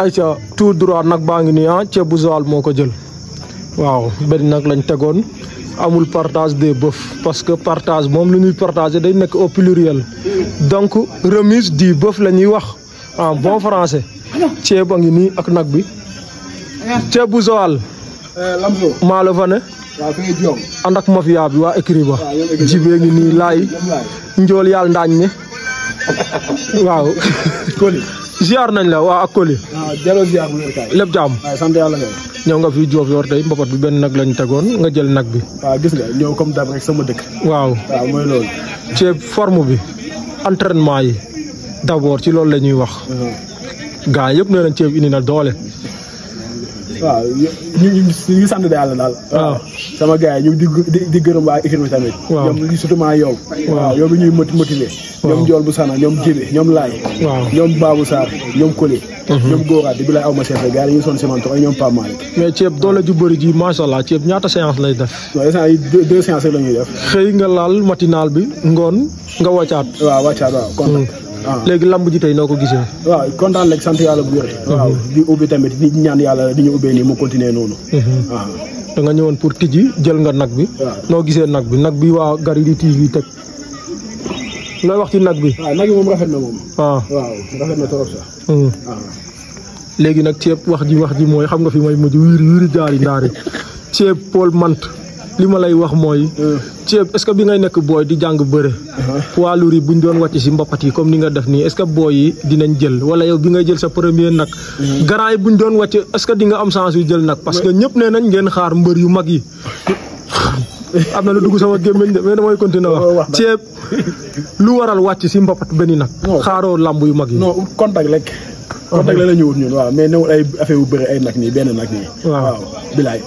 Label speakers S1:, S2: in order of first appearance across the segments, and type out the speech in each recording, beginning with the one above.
S1: ayca tout droit nag baa ngi nii ah ceebu Joal moo ko jël waaw benn nag lañ tegoon amul partage des bœufs parce que partage moom lu ñuy partager day nekk au pluriel donc remise du bœuf la ñuy wax en bon français ceeb a ngi nii ak nag bi ceebu Joal maa la fa ne ànd ak mafia bi waa écrit ba jibee ngi nii laay njool yàlla ndaañ ne waaw ziar nañ la waa ak Koli. waaw ah,
S2: jëloon ziar bu wér kaay. lépp jaam waaw sant yàlla
S1: ngeen. nga fi Diouf yor tey mbapat bi benn nag lañu tegoon nga jël nag bi.
S2: waaw gis nga ñëw comme dab rek sama dëkk. waaw waaw mooy
S1: loolu. forme bi entraînement yi d'abord ci loolu la ñuy wax. Uh-huh. gaa yëpp nee nañ ceeb
S2: indi na doole. waaw ñu ñu ñu sant yàlla daal. Ah. waaw sama gaa yi ñu di di gërëm waa équipe tamit. waaw ñoom surtout maa yow. waaw yow bi ñuy motivé. ñoom Ndiol bu Sana ñoom Jibi ñoom Laay. waaw ñoom Babou Sarr ñoom Koli. Mhm. ñoom Góora di bi lay aw ma seetlu gars yi ñu son si man trop ñoom Pape
S1: mais ceeb doole ju bëri ji macha allah ceeb ñaata séance lay
S2: def. waaw instant yii deux deux la ñuy def.
S1: xëy nga laal matinal bi ngoon nga wàccaat.
S2: waaw wàccaat waaw Ah. légui lamb ji tay noko ko gisee waaw kontaan rek sant yalla bu wéree mhm. waaw di ubbi tamit di ñaan yalla di ñu ubé ni mu continuer nonu waaw mhm. ah.
S1: da nga ñëwon pour tijji jël nga nak bi no gisee nak bi nak bi wa gari di tijji tek looy
S2: wax ci nak bi waaw nak mom rafet na mom waaw ah. waaw rafet na torop sa mhm.
S1: légui nak ciép wax ji wax ji moy xam nga fi mooy mujj wir wir jaari ndari ciép pol Mant lima lay wax moy hmm. ci est ce que bi ngay nek boy di jang beure uh-huh. poids lourd buñ doon wàcc ci mbapat comme ni nga def ni est ce que boy yi dinañ jël wala yow bi ngay jël sa premier nak hmm. garant yi buñ doon wàcc est ce di nga am chance yu jël nak parce que ñëpp né nañ ngeen xaar mbeur yu mag yi. amna lu dugg sama gémmiñ de mais damaay continuer wax oh, ci lu waral wàcc ci mbapat benn nak xaro lamb yu mag yi. non contact lek oh, contact la la
S2: wut ñun wa mais newul ay affaire yu beure ay nak ni ben nak ni wa bilay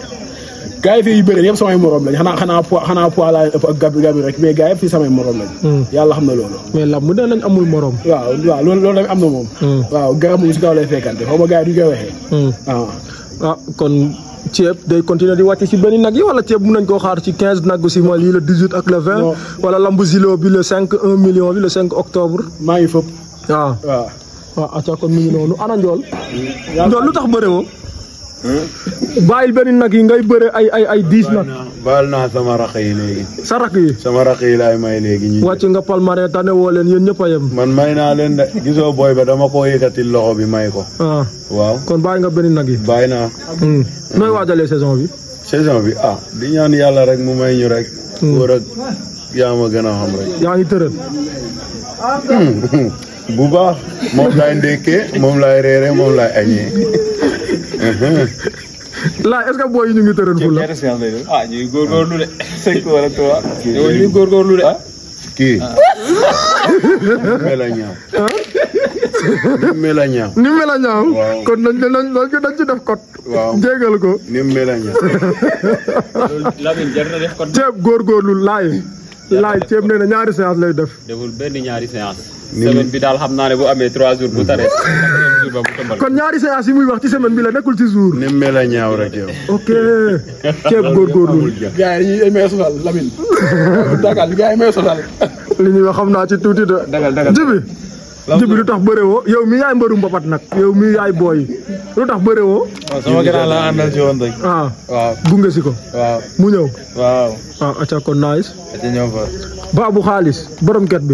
S2: gars yi fii yu bëri yëpp samay morom lañ xanaa xanaa xanaa poids laa ëpp ak gabi rek mais gars yëpp fii samay morom lañ hmm. yàlla xam na loolu mais la mu dee amul morom waaw loolu tamit am na moom hmm. waaw garab moom si kaw lay yi waxee
S1: hmm. ah. ah kon ceeb day continuer di wàcc si benn nag yi wala ceeb mun nañ koo xaar ci quinze nag si mois yi le dix huit ak le vingt wala lambu zilo bi le million bi le octobre maa ngi fëpp ah. waaw waaw ah, waaw acca kon mi ngi noonu ana njool lu bàyyil benn nag yi ngay bëre ay ay ay diis nag. baal naa sama raq yi léegi. sa raq yi. sama raq yi laay may léegi. ñu wàcc nga palmarin tane woo leen yéen ñëpp a yem. man may naa leen de gisoo booy ba dama koo yëkkati loxo bi may ko. Ah. waaw kon bàyyi nga benn nag yi. bàyyi naa. Hmm. nooy waajalee saison bi. saison bi ah di ñaan
S2: yàlla rek mu may ñu rek. wóor hmm. yaa ma gën a xam rek. yaa ngi tëral.
S1: Hmm.
S2: bu baax moom laay ndekkee moom lay reere moom laay añee. la
S1: est ce que booy ñu ngi tëral fu la ah ñuy
S2: góorgóorlu de cinq wala trois ñuy góorgóorlu de ki kii mela ñaaw mela ñaaw
S1: ni mela ñaaw kon nañ nañ nañ ko dañ ci def kot
S2: jégal ko ni mela ñaaw lamin jar na def kot
S1: ceeb góorgóorlu laay laaj ceeb nee na ñaari séance lay def.
S2: deful benn ñaari séance. bi daal xam naa ne bu amee trois jours bu taree.
S1: kon ñaari séance
S2: yi muy wax ci semaine bi la nekkul ci jour. ni mel a ñaaw rek yow. ok ceeb góorgóorlu. gars yi dañuy aimé sosal Lamine. Dakar gars yi sosal. li ñuy wax xam naa ci tuuti
S1: de. dagal dagal jibi jibi lu tax bëre woo yow mi yaay mbëru mbapat nag yow mi yaay booy lu tax bëre woo waaw ah. si ko mu ñëw waaw ah aca kon nice baabu xaalis borom ket bi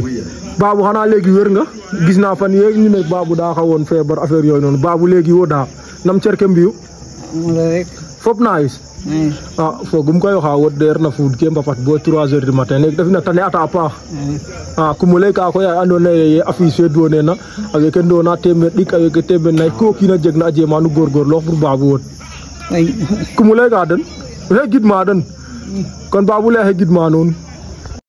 S1: baabu xanaa léegi wér nga gis naa fan yéeg ñu ne baabu daa xawoon feebar affaire yooyu noonu baabu léegi woo daa nam cerke mbiyu fop nice ah foogum koy oxa wodeer na fuud ke mbapat bo trois heures du matin leegi te na tane ata a paax a kum o ley ka koy a andoona yee a fiis fe doonena a weeke ndoona teemeed ɗik a weeke teemeed naxik ku jeg na jegna a jeema nu góorgóorloox pour Babou wod kum o lay ka den oxey gidma den kon Babou lay axe gidma nuun